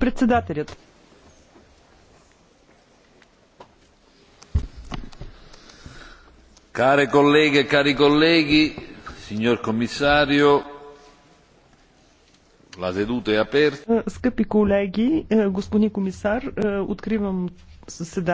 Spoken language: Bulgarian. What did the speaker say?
Председателят. Каре колеги, кари колеги, сеньор комисарио, la seduta е aperta. Скъпи колеги, е, господин комисар, е, откривам заседанието.